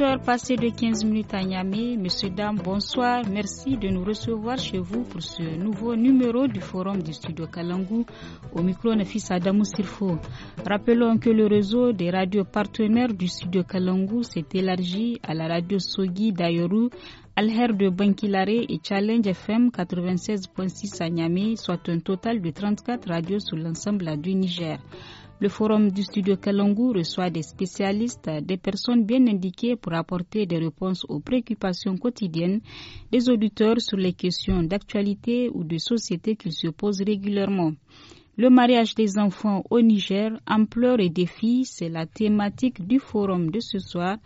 heures passées de 15 minutes à Niamey. Monsieur, dames, bonsoir. Merci de nous recevoir chez vous pour ce nouveau numéro du Forum du Studio Kalangou. Au micro, Nafis Adamou Sirfo. Rappelons que le réseau des radios partenaires du Studio Kalangou s'est élargi à la radio Sogi d'Ayoru, Alher de Bankilare et Challenge FM 96.6 à Niamey, soit un total de 34 radios sur l'ensemble du Niger. Le forum du studio Kalangu reçoit des spécialistes, des personnes bien indiquées pour apporter des réponses aux préoccupations quotidiennes des auditeurs sur les questions d'actualité ou de société qu'ils se posent régulièrement. Le mariage des enfants au Niger, ampleur et défi, c'est la thématique du forum de ce soir.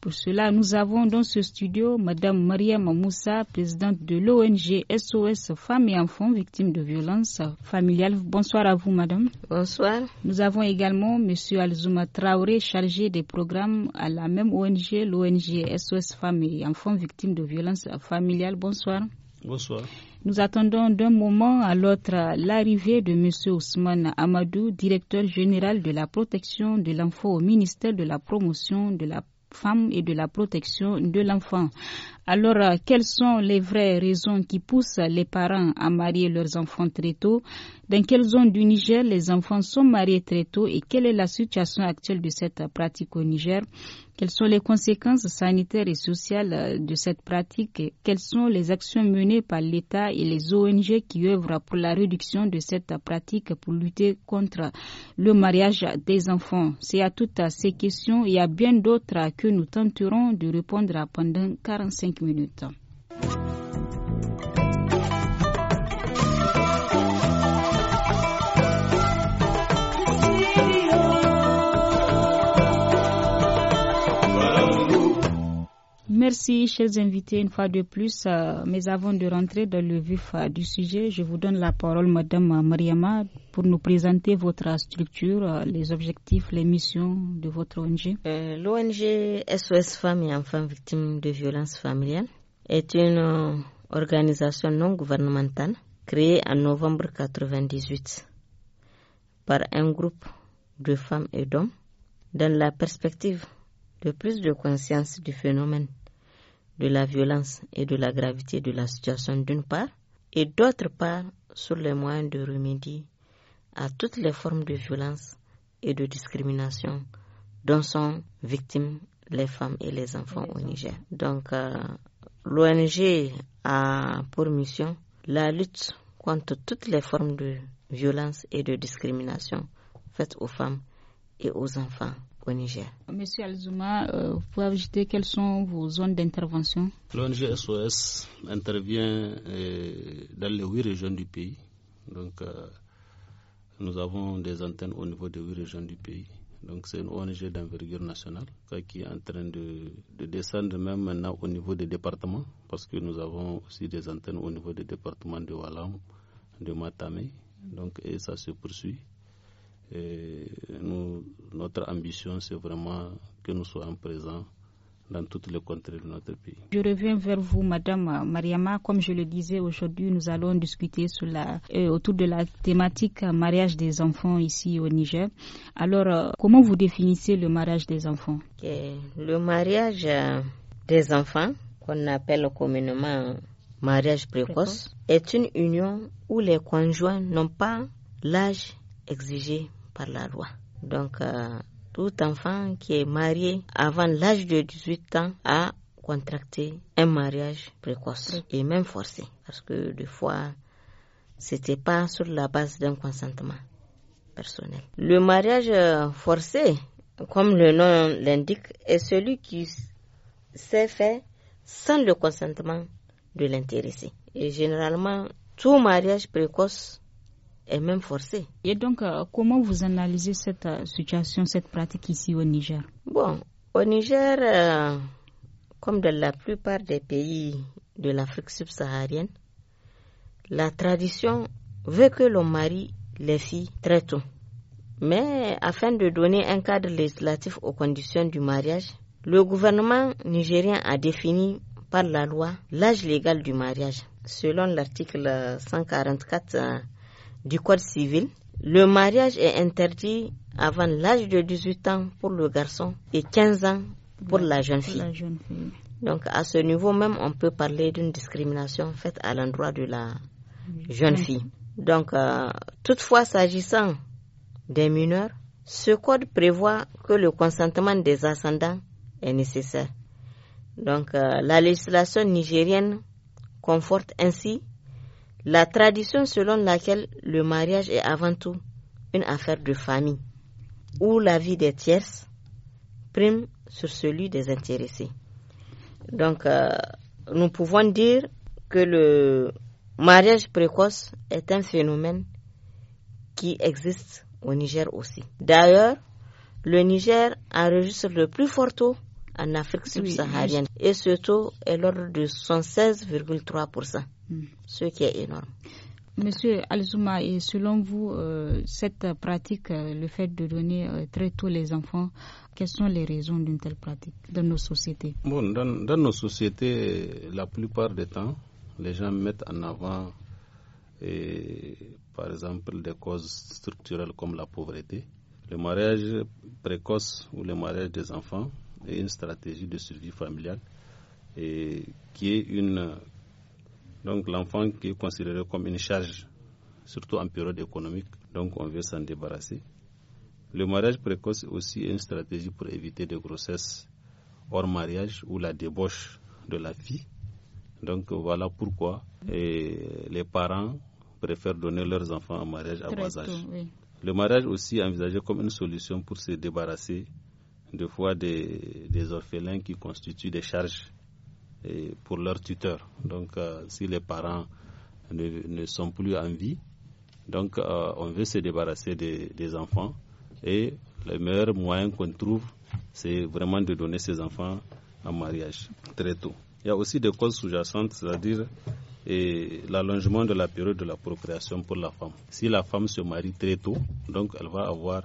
Pour cela, nous avons dans ce studio Madame Mariam Moussa, présidente de l'ONG SOS Femmes et Enfants Victimes de Violences Familiales. Bonsoir à vous, Madame. Bonsoir. Nous avons également Monsieur Alzuma Traoré, chargé des programmes à la même ONG, l'ONG SOS Femmes et Enfants Victimes de Violences Familiales. Bonsoir. Bonsoir. Nous attendons d'un moment à l'autre l'arrivée de M. Ousmane Amadou, directeur général de la protection de l'enfant au ministère de la promotion de la femme et de la protection de l'enfant. Alors, euh, quelles sont les vraies raisons qui poussent les parents à marier leurs enfants très tôt Dans quelle zone du Niger les enfants sont mariés très tôt et quelle est la situation actuelle de cette pratique au Niger Quelles sont les conséquences sanitaires et sociales euh, de cette pratique Quelles sont les actions menées par l'État et les ONG qui œuvrent pour la réduction de cette pratique pour lutter contre le mariage des enfants C'est à toutes ces questions et à bien d'autres que nous tenterons de répondre pendant 45 5 minutes. Merci, chers invités, une fois de plus. Euh, mais avant de rentrer dans le vif euh, du sujet, je vous donne la parole, Madame Mariama, pour nous présenter votre structure, euh, les objectifs, les missions de votre ONG. L'ONG SOS Femmes et Enfants Victimes de Violences Familiales est une organisation non gouvernementale créée en novembre 1998 par un groupe de femmes et d'hommes dans la perspective de plus de conscience du phénomène de la violence et de la gravité de la situation d'une part, et d'autre part sur les moyens de remédier à toutes les formes de violence et de discrimination dont sont victimes les femmes et les enfants au Niger. Donc euh, l'ONG a pour mission la lutte contre toutes les formes de violence et de discrimination faites aux femmes et aux enfants Monsieur Alzuma, euh, vous pouvez ajouter quelles sont vos zones d'intervention L'ONG SOS intervient euh, dans les huit régions du pays. Donc, euh, nous avons des antennes au niveau des huit régions du pays. Donc, c'est une ONG d'envergure nationale qui est en train de, de, descendre même maintenant au niveau des départements, parce que nous avons aussi des antennes au niveau des départements de Walam, de Matame Donc, et ça se poursuit. Et nous, notre ambition, c'est vraiment que nous soyons présents dans toutes les contrées de notre pays. Je reviens vers vous, Madame Mariama. Comme je le disais aujourd'hui, nous allons discuter sur la, euh, autour de la thématique mariage des enfants ici au Niger. Alors, euh, comment vous définissez le mariage des enfants Le mariage euh, des enfants, qu'on appelle communément mariage précoce, est une union où les conjoints n'ont pas l'âge exigé la loi. Donc, euh, tout enfant qui est marié avant l'âge de 18 ans a contracté un mariage précoce et même forcé. Parce que des fois, c'était pas sur la base d'un consentement personnel. Le mariage euh, forcé, comme le nom l'indique, est celui qui s'est fait sans le consentement de l'intéressé. Et généralement, tout mariage précoce est même forcé. Et donc, euh, comment vous analysez cette euh, situation, cette pratique ici au Niger Bon, au Niger, euh, comme dans la plupart des pays de l'Afrique subsaharienne, la tradition veut que l'on marie les filles très tôt. Mais afin de donner un cadre législatif aux conditions du mariage, le gouvernement nigérien a défini par la loi l'âge légal du mariage. Selon l'article 144 du Code civil, le mariage est interdit avant l'âge de 18 ans pour le garçon et 15 ans pour, la, jeune fille. Donc à ce niveau même, on peut parler d'une discrimination faite à l'endroit de la jeune fille. Donc euh, toutefois, s'agissant des mineurs, ce code prévoit que le consentement des ascendants est nécessaire. Donc euh, la législation nigérienne conforte ainsi la tradition selon laquelle le mariage est avant tout une affaire de famille, où la vie des tierces prime sur celui des intéressés. Donc, euh, nous pouvons dire que le mariage précoce est un phénomène qui existe au Niger aussi. D'ailleurs, le Niger enregistre le plus fort taux en Afrique subsaharienne et ce taux est l'ordre de 116,3%. Mm. Ce qui est énorme. Monsieur Alzouma, et selon vous, euh, cette pratique, euh, le fait de donner euh, très tôt les enfants, quelles sont les raisons d'une telle pratique dans nos sociétés bon, dans, nos sociétés, la plupart des temps, les gens mettent en avant, par exemple, des causes structurelles comme la pauvreté. Le mariage précoce ou le mariage des enfants est une stratégie de survie familiale et qui est une donc l'enfant qui est considéré comme une charge, surtout en période économique, donc on veut s'en débarrasser. Le mariage précoce est aussi une stratégie pour éviter des grossesses hors mariage ou la débauche de la fille. Donc voilà pourquoi les parents préfèrent donner leurs enfants en mariage à bas âge. Le mariage aussi envisagé comme une solution pour se débarrasser de fois des, des orphelins qui constituent des charges pour leur tuteur. Donc, euh, si les parents ne, ne, sont plus en vie, donc euh, on veut se débarrasser des, enfants. Et le meilleur moyen qu'on trouve, c'est vraiment de donner ces enfants en mariage très tôt. Il y a aussi des causes sous-jacentes, c'est-à-dire l'allongement de la période de la procréation pour la femme. Si la femme se marie très tôt, donc elle va avoir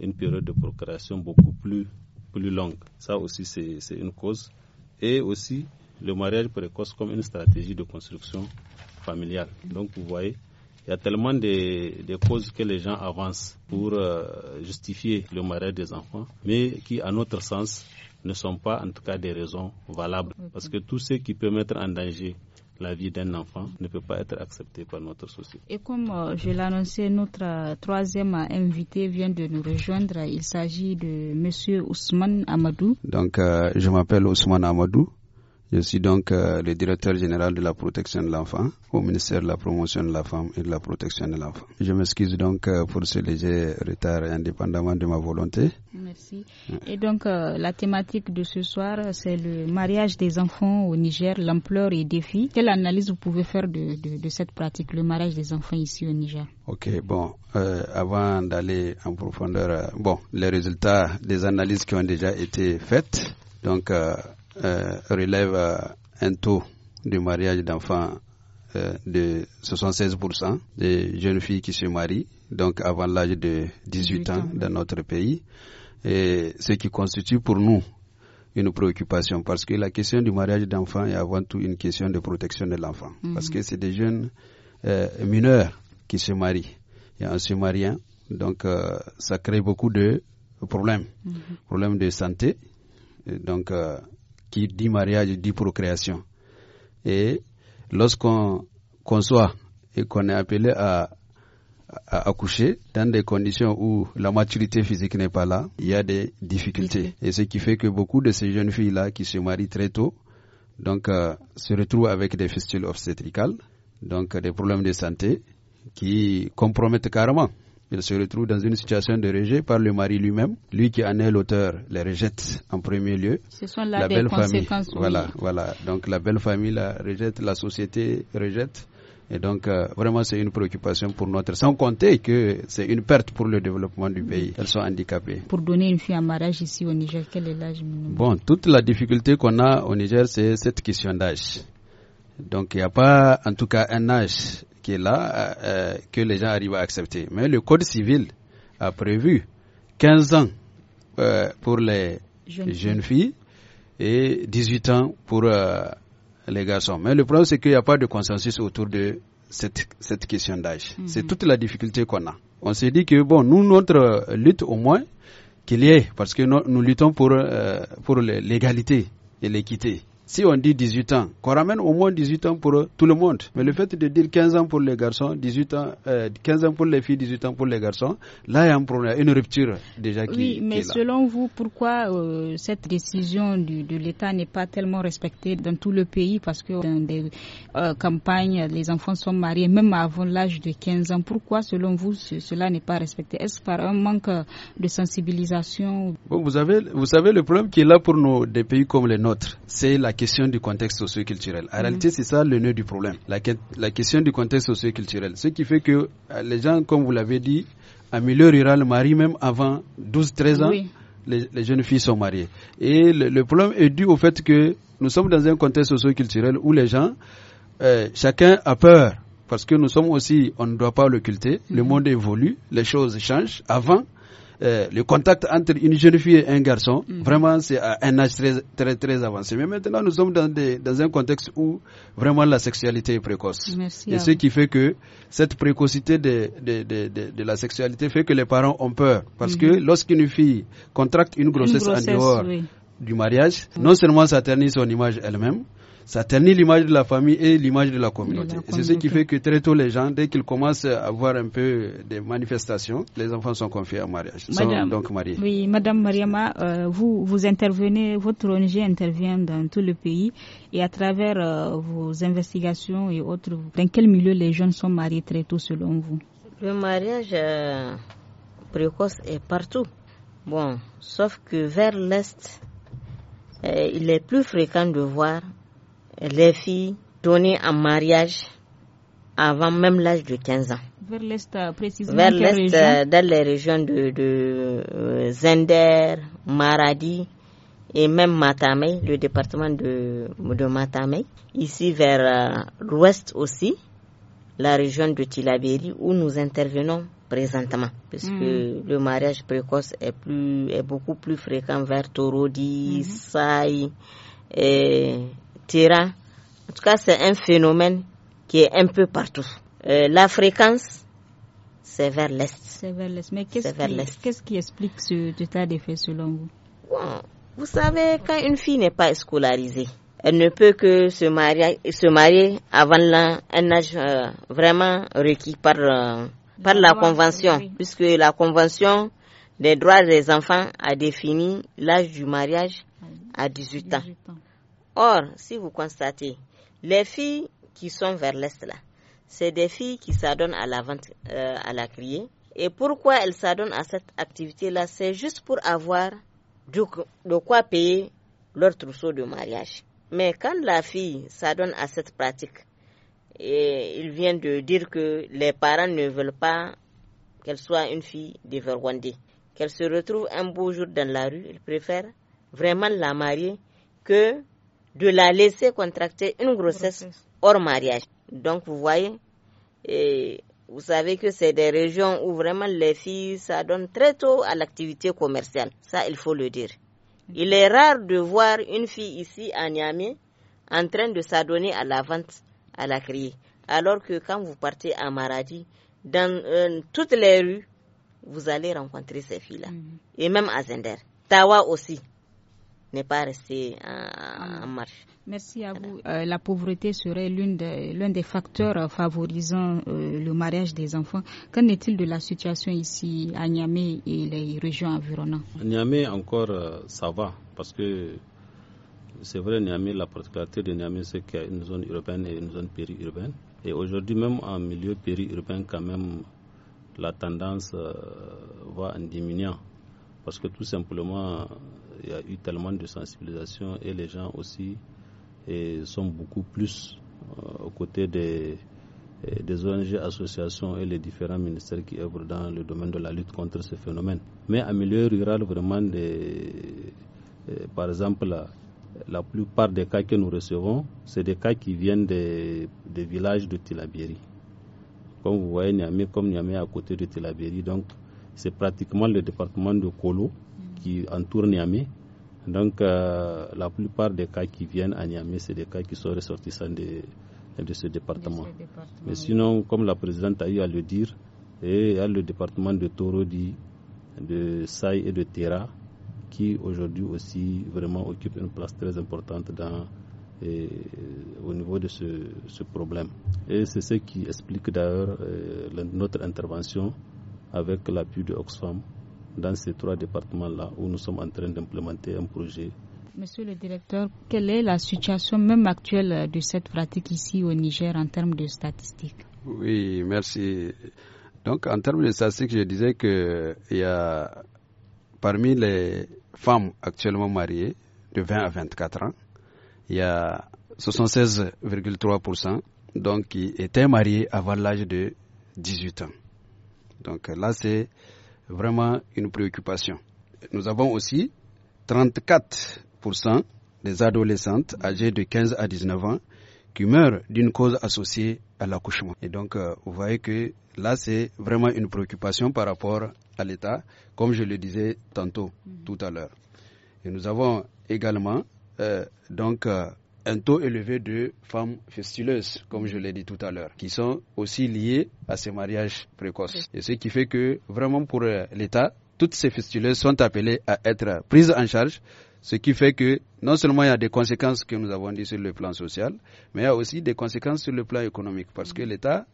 une période de procréation beaucoup plus, plus longue. Ça aussi, c'est une cause. Et aussi, le mariage précoce comme une stratégie de construction familiale. Donc vous voyez, il y a tellement de, causes que les gens avancent pour euh, justifier le mariage des enfants, mais qui, à notre sens, ne sont pas en tout cas des raisons valables. Parce que tout ce qui peut mettre en danger la vie d'un enfant ne peut pas être accepté par notre société. Et comme euh, je l'annonçais, notre euh, troisième invité vient de nous rejoindre. Il s'agit de M. Ousmane Amadou. Donc, je m'appelle Ousmane Amadou. Je suis donc euh, le directeur général de la protection de l'enfant au ministère de la promotion de la femme et de la protection de l'enfant. Je m'excuse donc euh, pour ce léger retard indépendamment de ma volonté. Merci. Et donc euh, la thématique de ce soir, c'est le mariage des enfants au Niger, l'ampleur et défis. Quelle analyse vous pouvez faire de, de, cette pratique, le mariage des enfants ici au Niger Ok, bon, avant d'aller en profondeur, bon, les résultats des analyses qui ont déjà été faites. Donc, euh, relève euh, un taux de mariage d'enfants euh, de 76% des jeunes filles qui se marient, donc avant l'âge de 18 ans dans notre pays, et ce qui constitue pour nous une préoccupation parce que la question du mariage d'enfants est avant tout une question de protection de l'enfant mhm. parce que c'est des jeunes mineurs qui se marient et en se mariant donc ça crée beaucoup de problèmes mhm. problèmes de santé donc qui dit mariage dit procréation. Et lorsqu'on conçoit et qu'on est appelé à, accoucher dans des conditions où la maturité physique n'est pas là, il y a des difficultés. Et ce qui fait que beaucoup de ces jeunes filles-là qui se marient très tôt, donc euh, se retrouvent avec des fistules obstétricales, donc euh, des problèmes de santé qui compromettent carrément il se retrouve dans une situation de rejet par le mari lui-même. Lui qui en est l'auteur les rejette en premier lieu. Ce sont là la des belle famille. Voilà, voilà. Donc la belle famille la rejette, la société rejette. Et donc, euh, vraiment, c'est une préoccupation pour notre. Sans compter que c'est une perte pour le développement du pays. Elles sont handicapées. Pour donner une fille à mariage ici au Niger, quel est l'âge minimum Bon, toute la difficulté qu'on a au Niger, c'est cette question d'âge. Donc, il n'y a pas, en tout cas, un âge qui est là, euh, euh, que les gens arrivent à accepter. Mais le Code civil a prévu 15 ans euh, pour les jeunes filles. et 18 ans pour les garçons. Mais le problème, c'est qu'il n'y a pas de consensus autour de cette, question d'âge. Mhm. C'est toute la difficulté qu'on a. On s'est dit que, bon, nous, notre lutte, au moins, qu'il y ait, parce que nous, luttons pour, pour l'égalité et l'équité. Si on dit 18 ans, qu'on ramène au moins 18 ans pour tout le monde. Mais le fait de dire 15 ans pour les garçons, 18 ans, 15 euh, ans pour les filles, 18 ans pour les garçons, là, il y a une rupture déjà qui Oui, mais selon vous, pourquoi euh, cette décision de l'État n'est pas tellement respectée dans tout le pays Parce que dans des euh, campagnes, les enfants sont mariés même avant l'âge de 15 ans. Pourquoi, selon vous, cela n'est pas respecté Est-ce par un manque de sensibilisation bon, vous, avez, vous savez, le problème qui est là pour des pays comme les nôtres, c'est la question question du contexte socio-culturel. En mhm. réalité, c'est ça le nœud du problème, la, question du contexte socio-culturel. Ce qui fait que euh, les gens, comme vous l'avez dit, en milieu rural, marient même avant 12-13 ans. Les, jeunes filles sont mariées. Et le, problème est dû au fait que nous sommes dans un contexte socio-culturel où les gens, euh, chacun a peur. Parce que nous sommes aussi, on ne doit pas l'occulter, le mhm. monde évolue, les choses changent. Avant, euh, le contact entre une jeune fille et un garçon, mhm. vraiment, c'est à un âge très, très, avancé. Mais maintenant, nous sommes dans, un contexte où vraiment la sexualité est précoce. et ce qui fait que cette précocité de, la sexualité fait que les parents ont peur. Parce que mhm. lorsqu'une fille contracte une grossesse, en dehors du mariage, non seulement ça ternit son image elle-même, ça ternit l'image de la famille et l'image de la communauté. C'est ce qui fait que très tôt, les gens, dès qu'ils commencent à avoir un peu des manifestations, les enfants sont confiés en mariage, Madame, donc Oui, Madame Mariama, euh, vous, vous intervenez, votre ONG intervient dans tout le pays et à travers euh, vos investigations et autres, dans quel milieu les jeunes sont mariés très tôt selon vous Le mariage euh, précoce est partout. Bon, sauf que vers l'Est, il est plus fréquent de voir les filles données en mariage avant même l'âge de 15 ans. Vers l'Est, euh, précisément. Vers l'Est, euh, dans les régions de, de, euh, Zender, Maradi et même Matamei, le département de, de Ici, vers l'Ouest aussi, la région de Tilaberi où nous intervenons présentement, puisque hmm. que le mariage précoce est, plus, est beaucoup plus fréquent vers Torodi, mmh. Saï, et en tout cas, c'est un phénomène qui est un peu partout. Euh, la fréquence, c'est vers l'est. C'est vers l'est. Mais qu'est-ce qui, explique ce état d'effet selon vous Vous savez, quand une fille n'est pas scolarisée, elle ne peut que se marier, se marier avant un âge euh, vraiment requis par, euh, par la, Convention, puisque la Convention des droits des enfants a défini l'âge du mariage à 18 ans. Or, si vous constatez, les filles qui sont vers l'Est là, c'est des filles qui s'adonnent à la vente, euh, à la criée. Et pourquoi elles s'adonnent à cette activité-là C'est juste pour avoir de quoi payer leur trousseau de mariage. Mais quand la fille s'adonne à cette pratique, et il vient de dire que les parents ne veulent pas qu'elle soit une fille dévergondée, qu'elle se retrouve un beau jour dans la rue, ils préfèrent vraiment la marier que de la laisser contracter une grossesse hors mariage. Donc vous voyez, et vous savez que c'est des régions où vraiment les filles s'adonnent très tôt à l'activité commerciale. Ça, il faut le dire. Mm-hmm. Il est rare de voir une fille ici à Niamey en train de s'adonner à la vente, à la criée. Alors que quand vous partez à Maradi, dans euh, toutes les rues, vous allez rencontrer ces filles-là. Mm-hmm. Et même à Zender. Tawa aussi n'est pas resté euh, en, marche. Merci à vous. Euh, la pauvreté serait l'un des facteurs favorisant euh, le mariage des enfants. Qu'en est-il de la situation ici à Niamey et les régions environnantes À Niamey, encore, ça va, parce que c'est vrai, Niamey, la particularité de Niamey, c'est qu'il y a une zone urbaine et une zone périurbaine. Et aujourd'hui, même en milieu périurbain, quand même, la tendance va en diminuant. Parce que tout simplement, il y a eu tellement de sensibilisation et les gens aussi sont beaucoup plus euh, aux côtés des, euh, ONG, associations et les différents ministères qui œuvrent dans le domaine de la lutte contre ce phénomène. Mais en milieu rural, vraiment, euh, par exemple, la, plupart des cas que nous recevons, c'est des cas qui viennent des, villages de Tilabieri Comme vous voyez, Niamey, comme Niamey à côté de Tilabieri donc c'est pratiquement le département de Kolo qui entourent Niamey. Donc, euh, la plupart des cas qui viennent à Niamey, c'est des cas qui sont ressortissants de, ce département. Mais sinon, comme la présidente a eu à le dire, et il y a le département de Torodi, de Saï et de Terra, qui aujourd'hui aussi vraiment occupe une place très importante dans, au niveau de ce, problème. Et c'est ce qui explique d'ailleurs euh, notre intervention avec l'appui de Oxfam dans ces trois départements-là où nous sommes en train d'implémenter un projet. Monsieur le directeur, quelle est la situation même actuelle de cette pratique ici au Niger en termes de statistiques Oui, merci. Donc en termes de statistiques, je disais qu'il y a parmi les femmes actuellement mariées de 20 à 24 ans, il y a 76,3% donc qui étaient mariées avant l'âge de 18 ans. Donc là, c'est vraiment une préoccupation. Nous avons aussi 34% des adolescentes âgées de 15 à 19 ans qui meurent d'une cause associée à l'accouchement. Et donc, euh, vous voyez que là, c'est vraiment une préoccupation par rapport à l'État, comme je le disais tantôt, mm. tout à l'heure. Et nous avons également euh, donc euh, un taux élevé de femmes fistuleuses, comme je l'ai dit tout à l'heure, qui sont aussi liées à ces mariages précoces. Et ce qui fait que vraiment pour euh, l'État, toutes ces fistuleuses sont appelées à être prises en charge, ce qui fait que non seulement il y a des conséquences que nous avons dit sur le plan social, mais il y a aussi des conséquences sur le plan économique, parce que l'État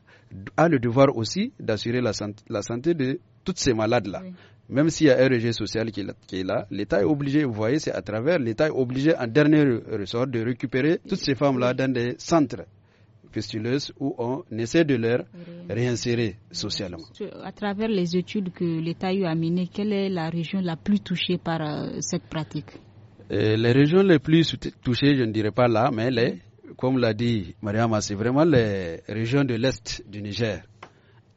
a le devoir aussi d'assurer la, santé de toutes ces malades-là. Même s'il y a un rejet social qui est là, l'État est obligé, vous voyez, c'est à travers, l'État est obligé en dernier ressort de récupérer toutes ces femmes-là dans des centres pustuleuses où on essaie de leur réinsérer socialement. À travers les études que l'État a menées, quelle est la région la plus touchée par euh, cette pratique euh, Les régions les plus touchées, je ne dirais pas là, mais les, comme l'a dit Mariama, c'est vraiment les régions de l'Est du Niger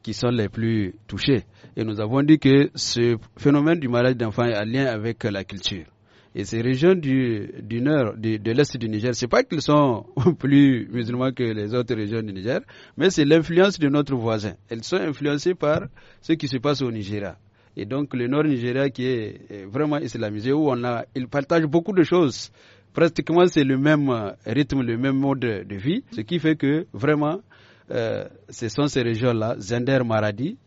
qui sont les plus touchées. Et nous avons dit que ce phénomène du mariage d'enfants est en lien avec la culture. Et ces régions du, nord, de l'est du Niger, c'est pas qu'elles sont plus musulmans que les autres régions du Niger, mais c'est l'influence de notre voisin. Elles sont influencées par ce qui se passe au Nigeria. Et donc le nord Nigeria qui est vraiment islamisé, où on a, ils partagent beaucoup de choses. Pratiquement c'est le même euh, rythme, le même mode de vie, ce qui fait que vraiment, euh, ce sont ces régions-là, Zender, Maradi,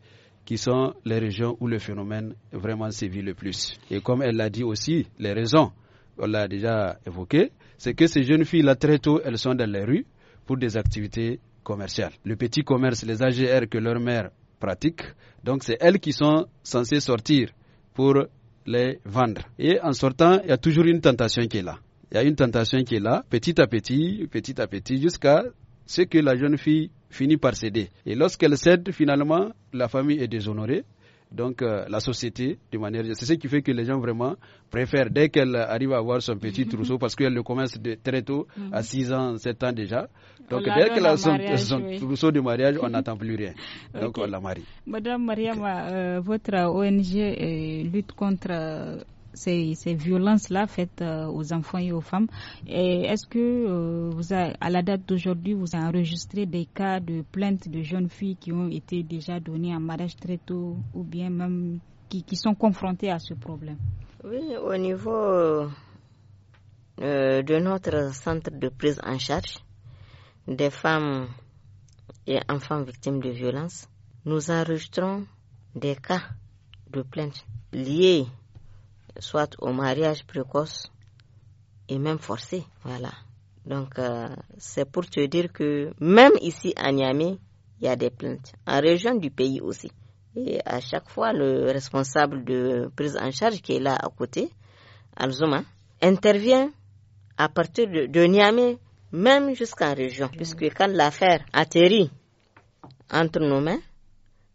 qui sont les régions où le phénomène vraiment sévit le plus. Et comme elle l'a dit aussi, les raisons, on l'a déjà évoqué, c'est que ces jeunes filles-là, très tôt, elles sont dans les rues pour des activités commerciales. Le petit commerce, les AGR que leur mère pratique, donc c'est elles qui sont censées sortir pour les vendre. Et en sortant, il y a toujours une tentation qui est là. Il y a une tentation qui est là, petit à petit, petit à petit, jusqu'à ce que la jeune fille finit par céder. Et lorsqu'elle cède, finalement, la famille est déshonorée. Donc euh, la société, de manière, c'est ce qui fait que les gens vraiment préfèrent dès qu'elle arrive à avoir son petit trousseau parce qu'elle le commence de très tôt, à 6 mhm. ans, 7 ans déjà. Donc dès qu'elle a son, trousseau de mariage, on n'attend plus rien. Donc on la marie. Madame Mariama, euh, votre ONG lutte contre euh, ces, violences-là faites euh, aux enfants et aux femmes. Est-ce que euh, vous à la date d'aujourd'hui, vous enregistrez enregistré des cas de plaintes de jeunes filles qui ont été déjà données en mariage très tôt ou bien même qui, sont confrontées à ce problème Oui, au niveau euh, de notre centre de prise en charge des femmes et enfants victimes de violences, nous enregistrons des cas de plaintes liées soit au mariage précoce et même forcé. Voilà. Donc, euh, c'est pour te dire que même ici à Niamey, il y a des plaintes, en région du pays aussi. Et à chaque fois, le responsable de prise en charge qui est là à côté, Alzoma, intervient à partir de, Niamey, même jusqu'en région. Puisque quand l'affaire atterrit entre nos mains,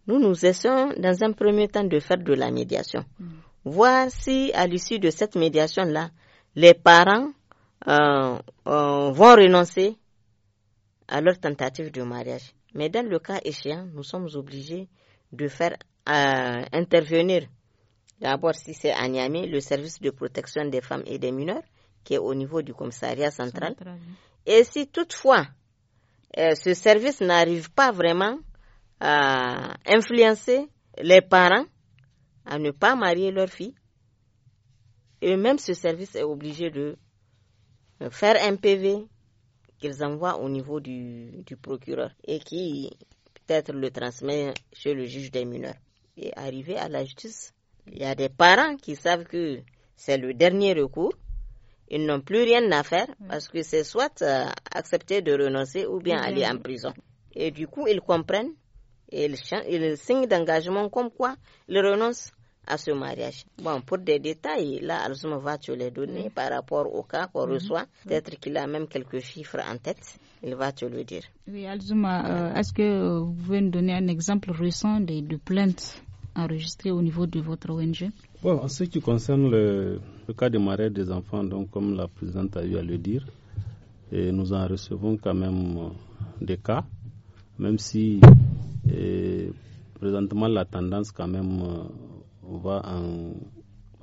nous nous essayons dans un premier temps de faire de la médiation. Mm voir si à l'issue de cette médiation-là, les parents euh, euh, vont renoncer à leur tentative de mariage. Mais dans le cas échéant, nous sommes obligés de faire euh, intervenir d'abord, si c'est à Niamey, le service de protection des femmes et des mineurs, qui est au niveau du commissariat central. Et si toutefois ce service n'arrive pas vraiment à influencer les parents, à ne pas marier leur fille. Et même ce service est obligé de euh, faire un PV qu'ils envoient au niveau du, du procureur et qui peut-être le transmet chez le juge des mineurs. Et arrivé à la justice, il y a des parents qui savent que c'est le dernier recours. Ils n'ont plus rien à faire mm. parce que c'est soit euh, accepter de renoncer ou bien aller en prison. Et du coup, ils comprennent et il, signe d'engagement comme quoi il renonce à ce mariage. Bon, pour des détails, là, Alzuma va te les donner mm-hmm. par rapport au cas qu'on mm-hmm. reçoit. Mm-hmm. Peut-être qu'il a même quelques chiffres en tête. Il va te le dire. Oui, Alzuma, euh, est-ce que vous pouvez nous donner un exemple récent de, plaintes enregistrées au niveau de votre ONG Bon, en ce qui concerne le, cas de mariage des enfants, donc comme la présidente a eu à le dire, et nous en recevons quand même euh, des cas, même si et présentement, la tendance, quand même, euh, va en,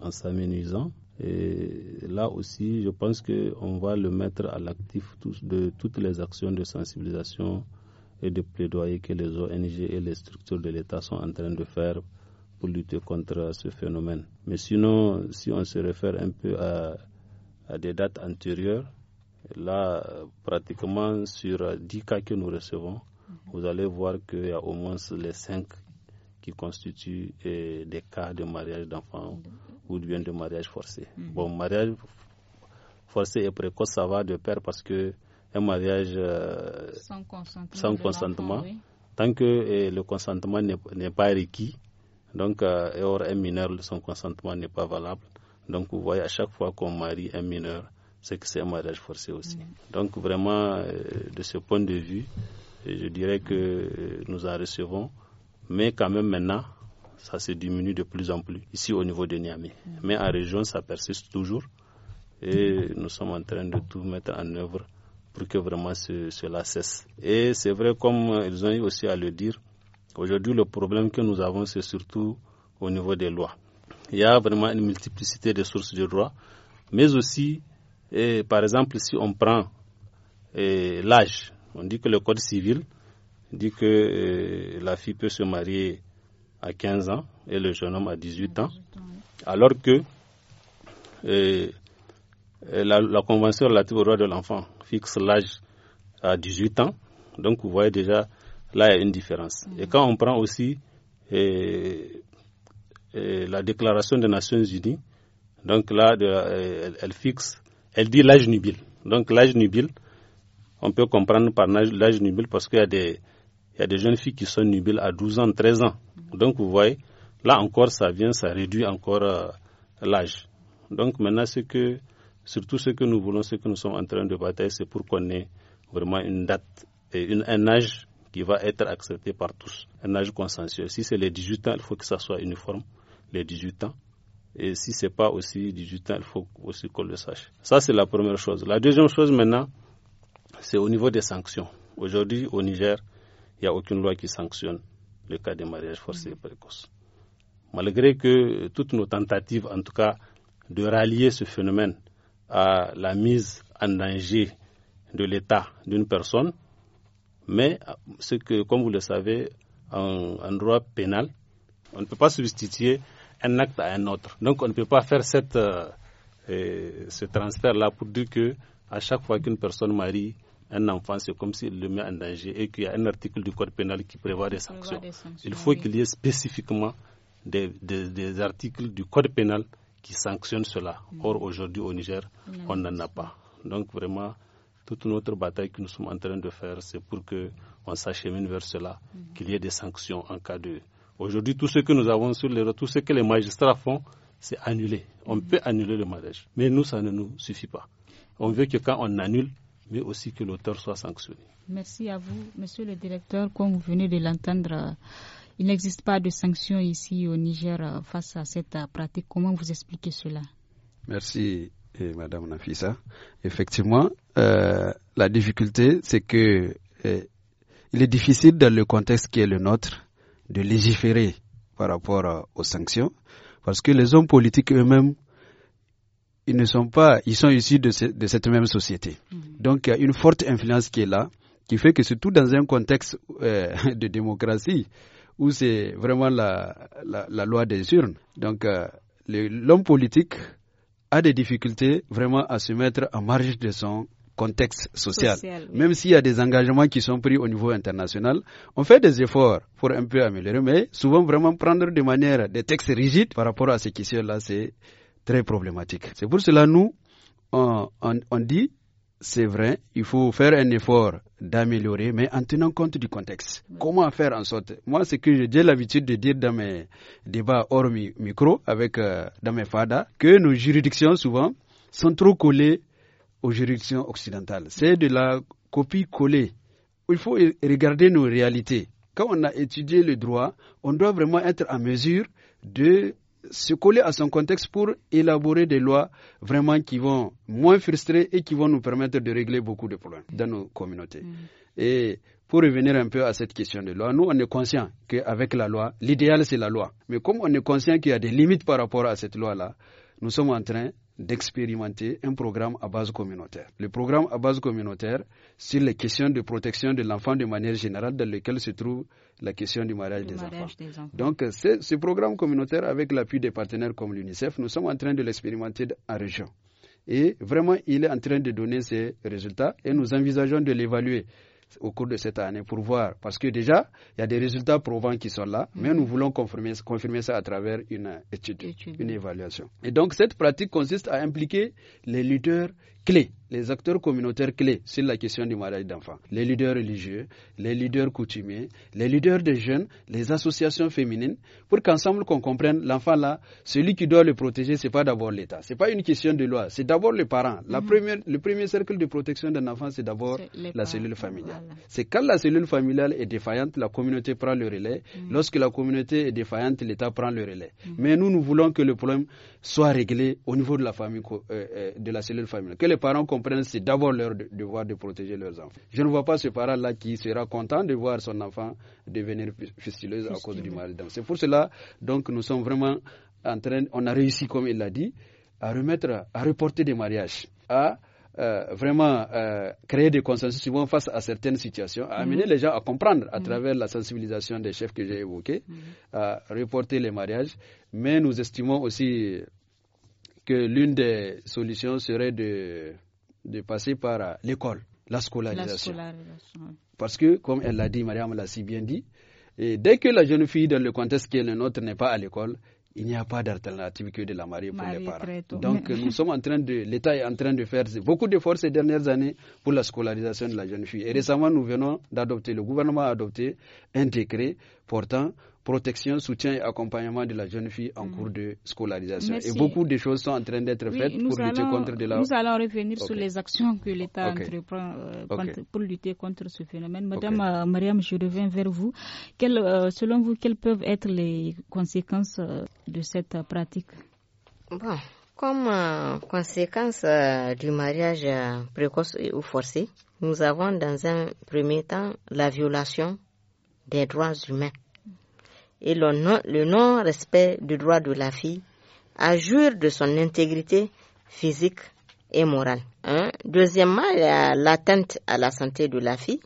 en s'amenuisant. Et là aussi, je pense qu'on va le mettre à l'actif de toutes les actions de sensibilisation et de plaidoyer que les ONG et les structures de l'État sont en train de faire pour lutter contre ce phénomène. Mais sinon, si on se réfère un peu à, à des dates antérieures, là, pratiquement sur 10 cas que nous recevons, vous allez voir qu'il y a au moins les cinq qui constituent eh, des cas de mariage d'enfants ou bien de mariage forcé. Mhm. Bon, mariage forcé et précoce, ça va de pair parce que un mariage euh, sans consentement, tant que eh, le consentement n'est pas requis, donc, euh, et or, un mineur, son consentement n'est pas valable. Donc, vous voyez, à chaque fois qu'on marie un mineur, c'est que c'est un mariage forcé aussi. Mhm. Donc, vraiment, euh, de ce point de vue, je dirais que nous en recevons, mais quand même maintenant, ça se diminue de plus en plus ici au niveau de Niamey. Mais en région, ça persiste toujours et nous sommes en train de tout mettre en œuvre pour que vraiment cela cesse. Et c'est vrai, comme ils ont eu aussi à le dire, aujourd'hui le problème que nous avons, c'est surtout au niveau des lois. Il y a vraiment une multiplicité de sources de droit, mais aussi, eh, par exemple, si on prend eh, l'âge on dit que le code civil dit que euh, la fille peut se marier à 15 ans et le jeune homme à 18 ans, alors que euh, la, Convention relative aux droits de l'enfant fixe l'âge à 18 ans. Donc vous voyez déjà, là, il y a une différence. Et quand on prend aussi euh, la Déclaration des Nations Unies, donc là, elle, fixe, elle dit l'âge nubile. Donc l'âge nubile, on peut comprendre par l'âge nubile parce qu'il y, y, a des jeunes filles qui sont nubiles à 12 ans, 13 ans. Donc vous voyez, là encore, ça vient, ça réduit encore euh, l'âge. Donc maintenant, c'est que, surtout ce que nous voulons, ce que nous sommes en train de batailler, c'est pour qu'on ait vraiment une date et un âge qui va être accepté par tous, un âge consensuel. Si c'est les 18 ans, il faut que ça soit uniforme, les 18 ans. Et si ce n'est pas aussi 18 ans, il faut aussi qu'on le sache. Ça, c'est la première chose. La deuxième chose maintenant, c'est au niveau des sanctions. Aujourd'hui, au Niger, il n'y a aucune loi qui sanctionne le cas des mariages forcés et précoces. Malgré que toutes nos tentatives, en tout cas, de rallier ce phénomène à la mise en danger de l'état d'une personne, mais ce que, comme vous le savez, en, droit pénal, on ne peut pas substituer un acte à un autre. Donc on ne peut pas faire euh, euh, ce transfert-là pour dire que à chaque fois qu'une personne marie un enfant, c'est comme s'il le met en danger et qu'il y a un article du Code pénal qui prévoit des sanctions. il faut qu'il y ait spécifiquement des, articles du Code pénal qui sanctionnent cela. Mm. Or, aujourd'hui, au Niger, mm. on n'en a pas. Donc, vraiment, toute notre bataille que nous sommes en train de faire, c'est pour que on s'achemine vers cela, mm. qu'il y ait des sanctions en cas de. Aujourd'hui, tout ce que nous avons sur les tout ce que les magistrats font, c'est annuler. On peut annuler le mariage. Mais nous, ça ne nous suffit pas on veut que quand on annule, mais aussi que l'auteur soit sanctionné. Merci à vous, monsieur le directeur. Comme vous venez de l'entendre, euh, il n'existe pas de sanctions ici au Niger euh, face à cette euh, pratique. Comment vous expliquez cela Merci, eh, madame Nafissa. Effectivement, la difficulté, c'est que eh, il est difficile dans le contexte qui est le nôtre de légiférer par rapport aux sanctions parce que les hommes politiques eux-mêmes ils ne sont pas, ils sont issus de, cette même société. Mm. Donc, il y a une forte influence qui est là, qui fait que surtout dans un contexte euh, de démocratie, où c'est vraiment la, loi des urnes, donc euh, l'homme politique a des difficultés vraiment à se mettre en marge de son contexte social. Même s'il y a des engagements qui sont pris au niveau international, on fait des efforts pour un peu améliorer, mais souvent vraiment prendre de manière des textes rigides par rapport à ce qui là c'est très problématique. C'est pour cela nous, on, on, dit, c'est vrai, il faut faire un effort d'améliorer, mais en tenant compte du contexte. Comment faire en sorte Moi, ce que j'ai l'habitude de dire dans mes débats hors micro, avec, euh, dans mes fadas, que nos juridictions, souvent, sont trop collées aux juridictions occidentales. C'est de la copie collée. Il faut regarder nos réalités. Quand on a étudié le droit, on doit vraiment être en mesure de se coller à son contexte pour élaborer des lois vraiment qui vont moins frustrer et qui vont nous permettre de régler beaucoup de problèmes dans nos communautés. Mm. Et pour revenir un peu à cette question de loi, nous, on est conscient qu'avec la loi, l'idéal, c'est la loi. Mais comme on est conscient qu'il y a des limites par rapport à cette loi-là, nous sommes en train d'expérimenter un programme à base communautaire. Le programme à base communautaire sur les questions de protection de l'enfant de manière générale dans lequel se trouve la question du mariage, des, enfants. des, enfants. Donc ce programme communautaire avec l'appui des partenaires comme l'UNICEF, nous sommes en train de l'expérimenter en région. Et vraiment, il est en train de donner ses résultats et nous envisageons de l'évaluer au cours de cette année pour voir. Parce que déjà, il y a des résultats probants qui sont là, mais mm. nous voulons confirmer, confirmer ça à travers une étude, étude, une évaluation. Et donc, cette pratique consiste à impliquer les lutteurs clés, les acteurs communautaires clés sur la question du mariage d'enfants. Les leaders religieux, les leaders coutumiers, les leaders des jeunes, les associations féminines, pour qu'ensemble qu'on comprenne l'enfant là, celui qui doit le protéger, c'est pas d'abord l'État. C'est pas une question de loi. C'est d'abord les parents. La mhm. première, le premier cercle de protection d'un enfant, c'est d'abord la cellule familiale. C'est quand la cellule familiale est défaillante, la communauté prend le relais. Mhm. Lorsque la communauté est défaillante, l'État prend le relais. Mhm. Mais nous, nous voulons que le problème soit réglé au niveau de la famille, euh, euh, de la cellule familiale les parents comprennent, c'est d'abord leur devoir de protéger leurs enfants. Je ne vois pas ce parent-là qui sera content de voir son enfant devenir fistuleuse à cause du mal C'est pour cela, donc, nous sommes vraiment en train, on a réussi, comme il l'a dit, à remettre, à reporter des mariages, à euh, vraiment euh, créer des consensus souvent face à certaines situations, à amener mhm. les gens à comprendre à mhm. travers la sensibilisation des chefs que j'ai évoqués, mhm. à reporter les mariages. Mais nous estimons aussi, que l'une des solutions serait de, de passer par euh, l'école, la scolarisation. Parce que, comme elle l'a dit, Mariam l'a si bien dit, dès que la jeune fille, dans le contexte qui est le nôtre, n'est pas à l'école, il n'y a pas d'alternative que de la marier pour les parents. Donc nous sommes en train de, l'État est en train de faire beaucoup d'efforts ces dernières années pour la scolarisation de la jeune fille. Et récemment, nous venons d'adopter, le gouvernement a adopté un décret portant protection, soutien et accompagnement de la jeune fille en mhm. cours de scolarisation. Et beaucoup de choses sont en train d'être faites pour lutter contre de la... Nous allons revenir sur les actions que l'État entreprend euh, pour lutter contre ce phénomène. Madame euh, Mariam, je reviens vers vous. Euh, selon vous, quelles peuvent être les conséquences de cette pratique bon, Comme conséquence du mariage précoce ou forcé, nous avons dans un premier temps la violation des droits humains et le non-respect du droit de la fille à jouir de son intégrité physique et morale. Hein? y Deuxièmement, l'atteinte à la santé de la fille,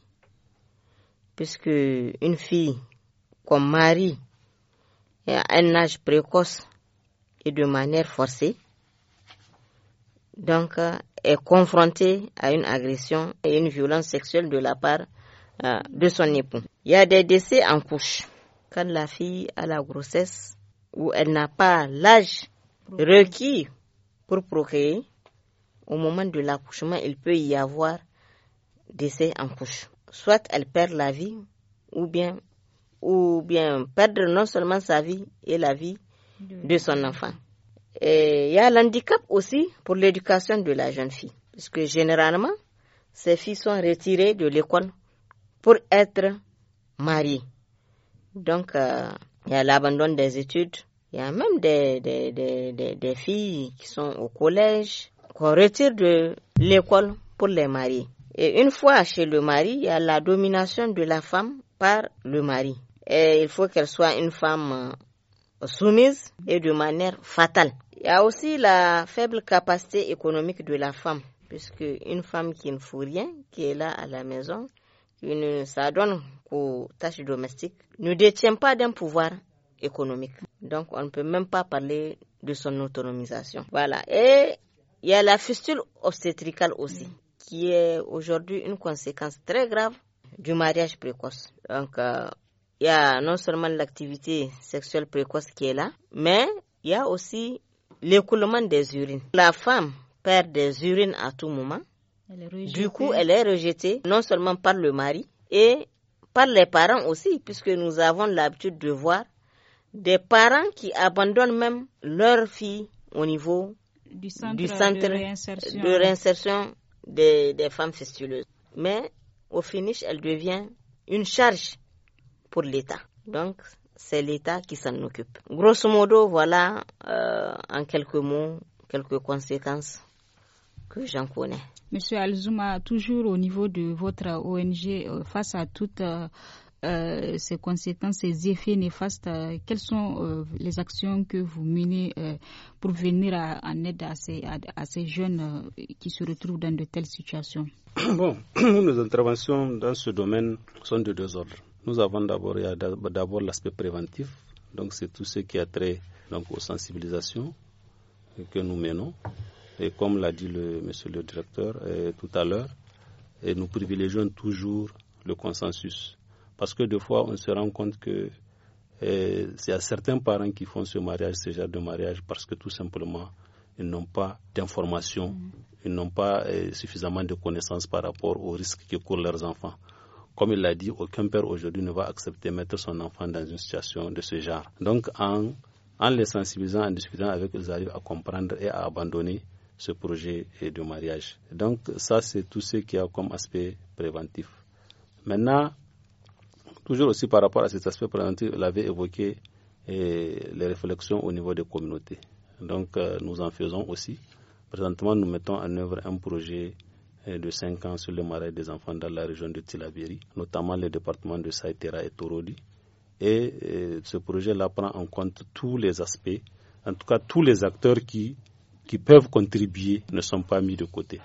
puisque une fille qu'on marie à un âge précoce et de manière forcée, donc euh, est confrontée à une agression et une violence sexuelle de la part euh, de son époux. Il y a des décès en couche. Quand la fille a la grossesse ou elle n'a pas l'âge requis pour procréer, au moment de l'accouchement, il peut y avoir décès en couche. Soit elle perd la vie ou bien ou bien perdre non seulement sa vie et la vie de son enfant. Et il y a l'handicap aussi pour l'éducation de la jeune fille, Parce que généralement, ces filles sont retirées de l'école pour être mari Donc, euh, il y a l'abandon des études. Il y a même des, des, des, filles qui sont au collège, qu'on retire de l'école pour les marier. Et une fois chez le mari, il y a la domination de la femme par le mari. Et il faut qu'elle soit une femme euh, soumise et de manière fatale. Il y a aussi la faible capacité économique de la femme, puisque une femme qui ne fout rien, qui est là à la maison, une, ça donne aux tâches domestiques, ne détient pas d'un pouvoir économique. Donc, on ne peut même pas parler de son autonomisation. Voilà. Et il y a la fistule obstétricale aussi, qui est aujourd'hui une conséquence très grave du mariage précoce. Donc, euh, il y a non seulement l'activité sexuelle précoce qui est là, mais il y a aussi l'écoulement des urines. La femme perd des urines à tout moment du coup, elle est rejetée non seulement par le mari et par les parents aussi, puisque nous avons l'habitude de voir des parents qui abandonnent même leur fille au niveau du centre, de réinsertion, des, femmes fistuleuses. Mais au finish, elle devient une charge pour l'État. Donc, c'est l'État qui s'en occupe. Grosso modo, voilà euh, en quelques mots, quelques conséquences que j'en connais. Monsieur Alzuma, toujours au niveau de votre ONG, euh, face à toutes euh, euh, ces conséquences, ces effets néfastes, quelles sont les actions que vous menez pour venir en aide à ces, jeunes qui se retrouvent dans de telles situations Bon, nos interventions dans ce domaine sont de deux ordres. Nous avons d'abord l'aspect préventif, donc c'est tout ce qui a trait donc aux sensibilisations que nous menons et comme l'a dit le, monsieur le directeur euh, tout à l'heure, nous privilégions toujours le consensus. Parce que des fois, on se rend compte que euh, c'est à certains parents qui font ce mariage, ce genre de mariage, parce que tout simplement, ils n'ont pas d'informations, mm-hmm. ils n'ont pas euh, suffisamment de connaissances par rapport aux risques que courent leurs enfants. Comme il l'a dit, aucun père aujourd'hui ne va accepter de mettre son enfant dans une situation de ce genre. Donc, en en les sensibilisant, en discutant avec eux, ils arrivent à comprendre et à abandonner ce projet de mariage. Donc ça, c'est tout ce qu'il y a comme aspect préventif. Maintenant, toujours aussi par rapport à cet aspect préventif, vous l'avez évoqué, les réflexions au niveau des communautés. Donc euh, nous en faisons aussi. Présentement, nous mettons en œuvre un projet euh, de 5 ans sur le mariage des enfants dans la région de Tilabiri, notamment les départements de Saïtera et Torodi. et euh, ce projet-là prend en compte tous les aspects, en tout cas tous les acteurs qui qui peuvent contribuer ne sont pas mis de côté.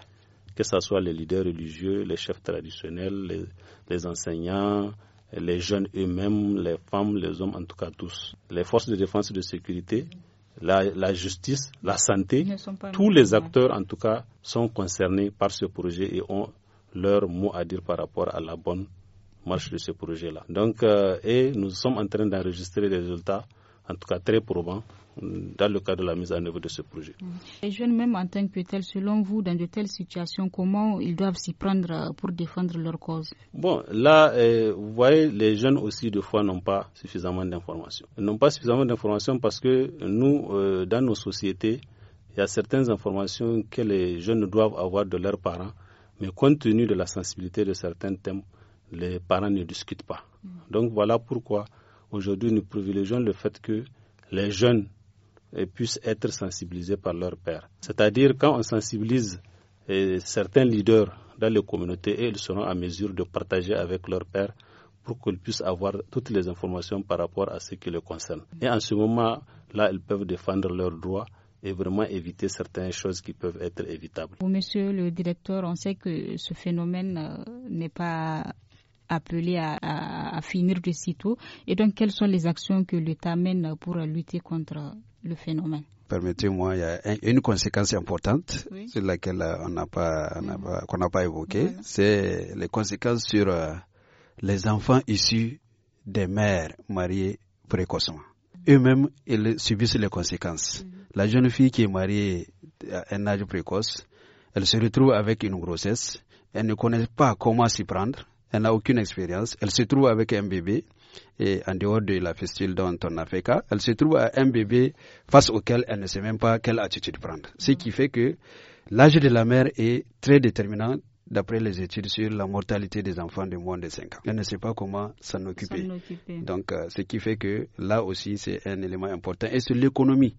Que ce soit les leaders religieux, les chefs traditionnels, les, enseignants, les jeunes eux-mêmes, les femmes, les hommes, en tout cas tous. Les forces de défense et de sécurité, la, justice, la santé, tous les acteurs en tout cas sont concernés par ce projet et ont leur mot à dire par rapport à la bonne marche de ce projet-là. Euh, et nous sommes en train d'enregistrer des résultats, en tout cas très probants, dans le cadre de la mise en œuvre de ce projet. Mm. Les jeunes, même en tant que tels, selon vous, dans de telles situations, comment ils doivent s'y prendre euh, pour défendre leur cause Bon, là, euh, vous voyez, les jeunes aussi, des fois, n'ont pas suffisamment d'informations. Ils n'ont pas suffisamment d'informations parce que nous, euh, dans nos sociétés, il y a certaines informations que les jeunes doivent avoir de leurs parents, mais compte tenu de la sensibilité de certains thèmes, les parents ne discutent pas. Mm. Donc voilà pourquoi aujourd'hui nous privilégions le fait que les jeunes et puissent être sensibilisés par leur père. C'est-à-dire quand on sensibilise eh, certains leaders dans les communautés, ils seront à mesure de partager avec leur père pour qu'ils puissent avoir toutes les informations par rapport à ce qui les concerne. Et en ce moment-là, ils peuvent défendre leurs droits et vraiment éviter certaines choses qui peuvent être évitables. Monsieur le directeur, on sait que ce phénomène euh, n'est pas appelé à, à finir de sitôt. Et donc, quelles sont les actions que l'État mène pour lutter contre le phénomène. Permettez-moi, il y a une conséquence importante sur laquelle euh, on n'a pas, mhm. qu'on n'a pas, évoquée, c'est les conséquences sur euh, les enfants issus des mères mariées précocement. Mhm. Eux-mêmes, ils subissent les conséquences. Mhm. La jeune fille qui est mariée à un âge précoce, elle se retrouve avec une grossesse, elle ne connaît pas comment s'y prendre, elle n'a aucune expérience, elle se trouve avec un bébé, et en dehors de la fistule dont on a fait cas, elle se trouve à un bébé face auquel elle ne sait même pas quelle attitude prendre. Ce qui fait que l'âge de la mère est très déterminant d'après les études sur la mortalité des enfants de moins de 5 ans. Elle ne sait pas comment s'en occuper. Donc, euh, ce qui fait que là aussi, c'est un élément important. Et sur l'économie,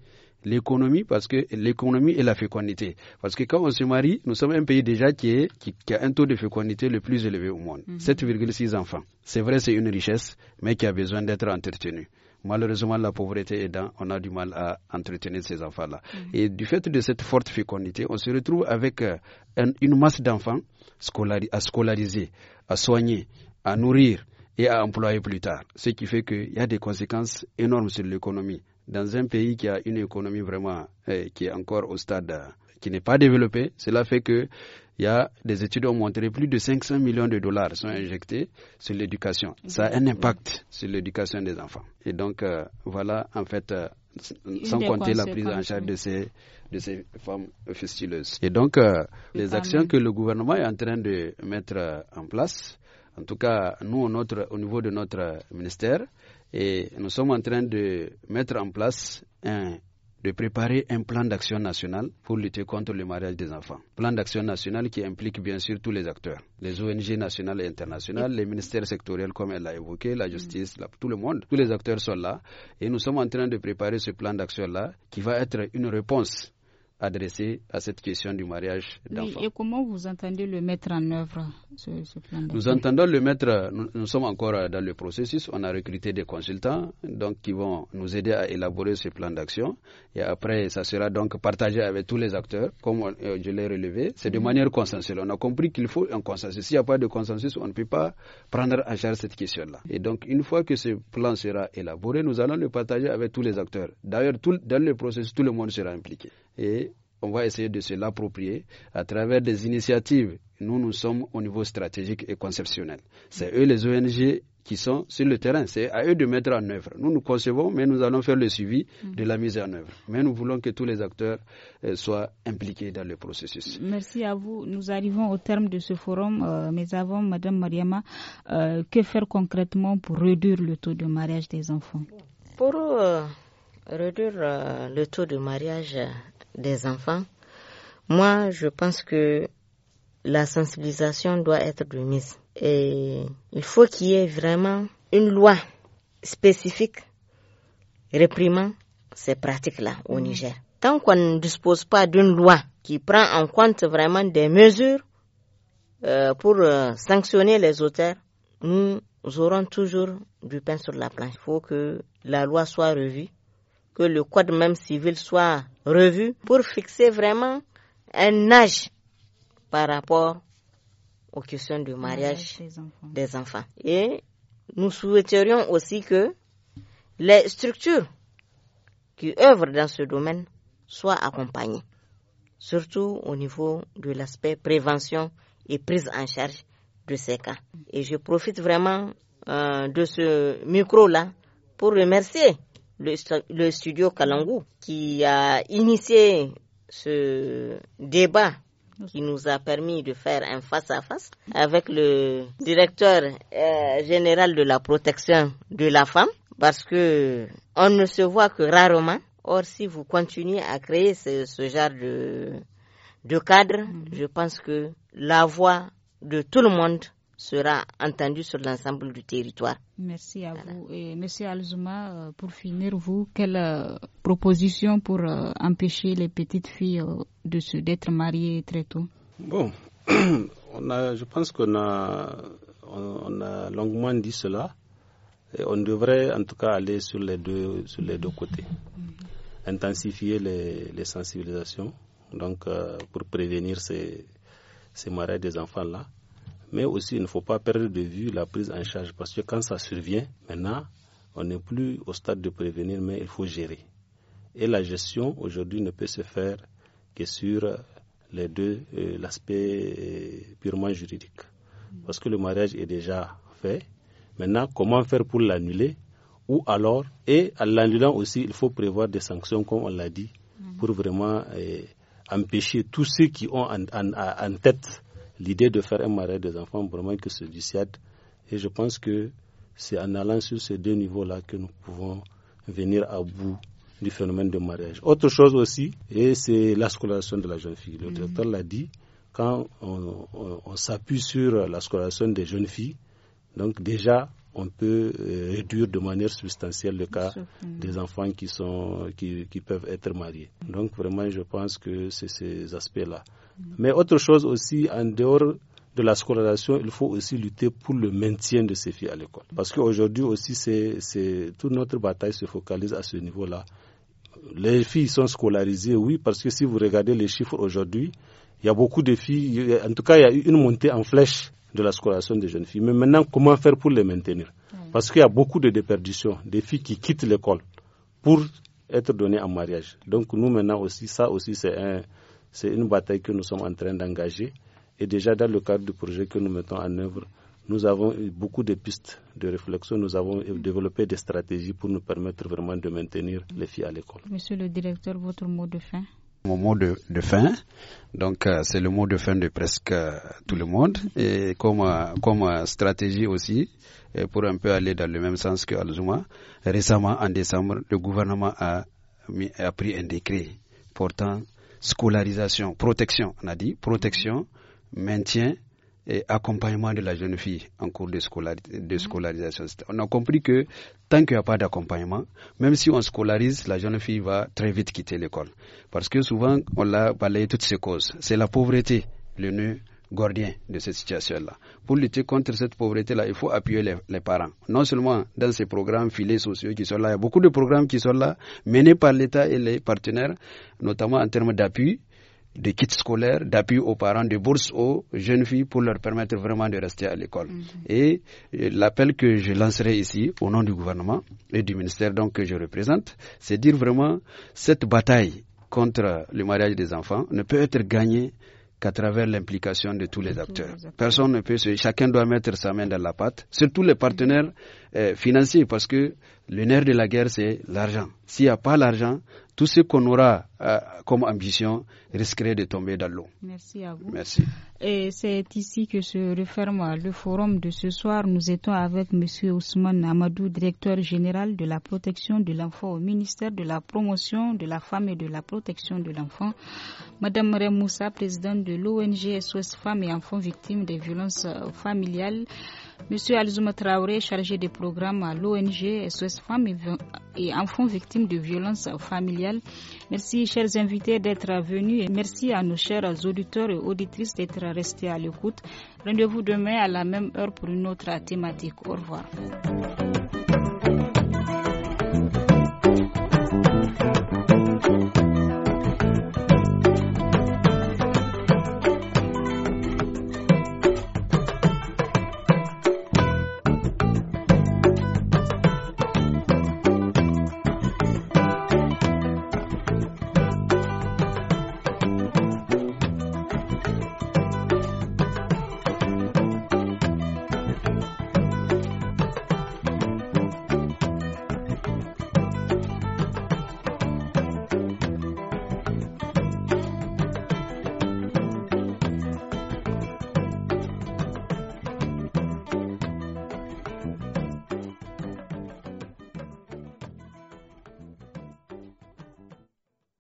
l'économie parce que l'économie et la fécondité. Parce que quand on se marie, nous sommes un pays déjà qui, a un taux de fécondité le plus élevé au monde, 7,6 mhm. enfants. C'est vrai, c'est une richesse, mais qui a besoin d'être entretenue malheureusement, la pauvreté aidant, on a du mal à entretenir ces enfants-là. Mhm. Et du fait de cette forte fécondité, on se retrouve avec euh, une masse d'enfants à scolariser, à soigner, à nourrir et à employer plus tard. Ce qui fait qu'il y a des conséquences énormes sur l'économie, dans un pays qui a une économie vraiment eh, qui est encore au stade euh, qui n'est pas développée, cela fait que il y a des études ont montré plus de 500 millions de dollars sont injectés sur l'éducation. Ça a un impact sur l'éducation des enfants. Et donc euh, voilà en fait euh, sans compter la prise en charge de ces, de ces femmes fistuleuses. Et donc, les actions que le gouvernement est en train de mettre en place, en tout cas, nous, au niveau de notre ministère, et nous sommes en train de mettre en place de préparer un plan d'action national pour lutter contre le mariage des enfants. Plan d'action national qui implique bien sûr tous les acteurs, les ONG nationales et internationales, les ministères sectoriels comme elle l'a évoqué, la justice, tout le monde. Tous les acteurs sont là et nous sommes en train de préparer ce plan d'action-là qui va être une réponse adressé à cette question du mariage d'enfants. et comment vous entendez le mettre en œuvre, ce, plan plan Nous entendons le mettre, nous, sommes encore dans le processus, on a recruté des consultants donc, qui vont nous aider à élaborer ce plan d'action. Et après, ça sera donc partagé avec tous les acteurs, comme euh, je l'ai relevé. C'est de mhm. manière consensuelle. On a compris qu'il faut un consensus. S'il n'y a pas de consensus, on ne peut pas prendre en charge cette question-là. Et donc, une fois que ce plan sera élaboré, nous allons le partager avec tous les acteurs. D'ailleurs, dans le processus, tout le monde sera impliqué et on va essayer de se l'approprier à travers des initiatives. Nous, nous sommes au niveau stratégique et conceptionnel. C'est eux les ONG qui sont sur le terrain. C'est à eux de mettre en œuvre. Nous, nous concevons, mais nous allons faire le suivi de la mise en œuvre. Mais nous voulons que tous les acteurs euh, soient impliqués dans le processus. Merci à vous. Nous arrivons au terme de ce forum. Euh, mais avant, Madame Mariama, euh, que faire concrètement pour réduire le taux de mariage des enfants Pour réduire le taux de mariage des enfants. Moi, je pense que la sensibilisation doit être de mise. Et il faut qu'il y ait vraiment une loi spécifique réprimant ces pratiques-là au mmh. Niger. Tant qu'on ne dispose pas d'une loi qui prend en compte vraiment des mesures euh, pour euh, sanctionner les auteurs, nous aurons toujours du pain sur la planche. Il faut que la loi soit revue que le code même civil soit revu pour fixer vraiment un âge par rapport aux questions du mariage, des, enfants. Et nous souhaiterions aussi que les structures qui œuvrent dans ce domaine soient accompagnées, surtout au niveau de l'aspect prévention et prise en charge de ces cas. Et je profite vraiment euh, de ce micro-là pour remercier le, le studio Kalangu qui a initié ce débat qui nous a permis de faire un face-à-face avec le directeur euh, général de la protection de la femme parce que on ne se voit que rarement. Or, si vous continuez à créer ce, ce genre de, de cadre, mm-hmm. je pense que la voix de tout le monde sera entendu sur l'ensemble du territoire. Merci à vous. Et Monsieur Alzuma, euh, pour finir, vous, quelle euh, proposition pour euh, empêcher les petites filles de se d'être mariées très tôt Bon, on a, je pense qu'on a, on, a longuement dit cela. Et on devrait en tout cas aller sur les deux, sur les deux côtés. Mm-hmm. Intensifier les, les sensibilisations donc, pour prévenir ces, ces marais des enfants-là mais aussi, il ne faut pas perdre de vue la prise en charge parce que quand ça survient, maintenant, on n'est plus au stade de prévenir, mais il faut gérer. Et la gestion, aujourd'hui, ne peut se faire que sur euh, les deux, euh, l'aspect euh, purement juridique. Parce que le mariage est déjà fait. Maintenant, comment faire pour l'annuler Ou alors, et en l'annulant aussi, il faut prévoir des sanctions, comme on l'a dit, pour vraiment empêcher tous ceux qui ont en tête l'idée de faire un mariage des enfants vraiment que se dissuade. Et je pense que c'est en allant sur ces deux niveaux-là que nous pouvons venir à bout du phénomène de mariage. Autre chose aussi, et c'est la scolarisation de la jeune fille. Le mhm. docteur l'a dit, quand on, on s'appuie sur la scolarisation des jeunes filles, donc déjà, on peut euh, réduire de manière substantielle le cas des enfants qui, sont, qui, peuvent être mariés. Mm. Donc vraiment, je pense que c'est ces aspects-là. Mm. Mais autre chose aussi, en dehors de la scolarisation, il faut aussi lutter pour le maintien de ces filles à l'école. Parce mm. qu'aujourd'hui aussi, c'est, toute notre bataille se focalise à ce niveau-là. Les filles sont scolarisées, oui, parce que si vous regardez les chiffres aujourd'hui, il y a beaucoup de filles, en tout cas, il y a eu une montée en flèche de la scolarisation des jeunes filles. Mais maintenant, comment faire pour les maintenir Parce qu'il y a beaucoup de déperditions, des filles qui quittent l'école pour être données en mariage. Donc nous, maintenant aussi, ça aussi, c'est une bataille que nous sommes en train d'engager. Et déjà, dans le cadre du projet que nous mettons en œuvre, nous avons eu beaucoup de pistes de réflexion, nous avons développé des stratégies pour nous permettre vraiment de maintenir les filles à l'école. Monsieur le directeur, votre mot de fin moment de, fin. Donc euh, c'est le mot de fin de presque euh, tout le monde et comme euh, comme stratégie aussi pour un peu aller dans le même sens que Alzuma. Récemment en décembre, le gouvernement a, a pris un décret portant scolarisation, protection. On a dit protection, maintien et accompagnement de la jeune fille en cours de, mhm. scolarisation. On a compris que tant qu'il n'y a pas d'accompagnement, même si on scolarise, la jeune fille va très vite quitter l'école. Parce que souvent, on l'a balayé toutes ces causes. C'est la pauvreté, le nœud gordien de cette situation-là. Pour lutter contre cette pauvreté-là, il faut appuyer les, les, parents. Non seulement dans ces programmes filets sociaux qui sont là, il y a beaucoup de programmes qui sont là, menés par l'État et les partenaires, notamment en termes d'appui, de kits scolaires, d'appui aux parents, de bourses aux jeunes filles pour leur permettre vraiment de rester à l'école. Mhm. Et l'appel que je lancerai ici au nom du gouvernement et du ministère donc que je représente, c'est dire vraiment cette bataille contre le mariage des enfants ne peut être gagnée qu'à travers l'implication de tous les acteurs. Personne ne peut chacun doit mettre sa main dans la pâte, surtout les partenaires mhm. euh, financiers, parce que le nerf de la guerre, c'est l'argent. S'il n'y a pas l'argent, tout ce qu'on aura euh, comme ambition risquerait de tomber dans l'eau. Merci à vous. Merci. Et c'est ici que se referme le forum de ce soir. Nous étions avec M. Ousmane Amadou, directeur général de la protection de l'enfant au ministère de la promotion de la femme et de la protection de l'enfant. Madame Remoussa, présidente de l'ONG SOS Femmes et Enfants Victimes des Violences Familiales. Monsieur Alzouma Traoré, chargé des programmes à l'ONG SOS Femmes et Enfants Victimes de Violences Familiales. Merci chers invités, d'être venus et merci à nos chers auditeurs et auditrices d'être restés à l'écoute. Rendez-vous demain à la même heure pour une autre thématique. Au revoir.